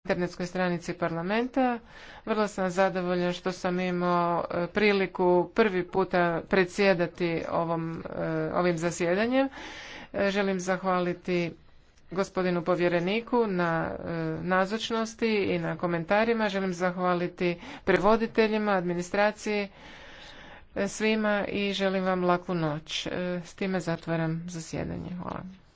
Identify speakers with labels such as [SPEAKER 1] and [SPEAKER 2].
[SPEAKER 1] internetskoj stranici parlamenta. Vrlo sam zadovoljan što sam imao e, priliku prvi puta predsjedati ovom, e, ovim zasjedanjem. E, želim zahvaliti gospodinu povjereniku na nazočnosti i na komentarima. Želim zahvaliti prevoditeljima, administraciji, svima i želim vam laku noć. S time zatvaram zasjedanje. Hvala.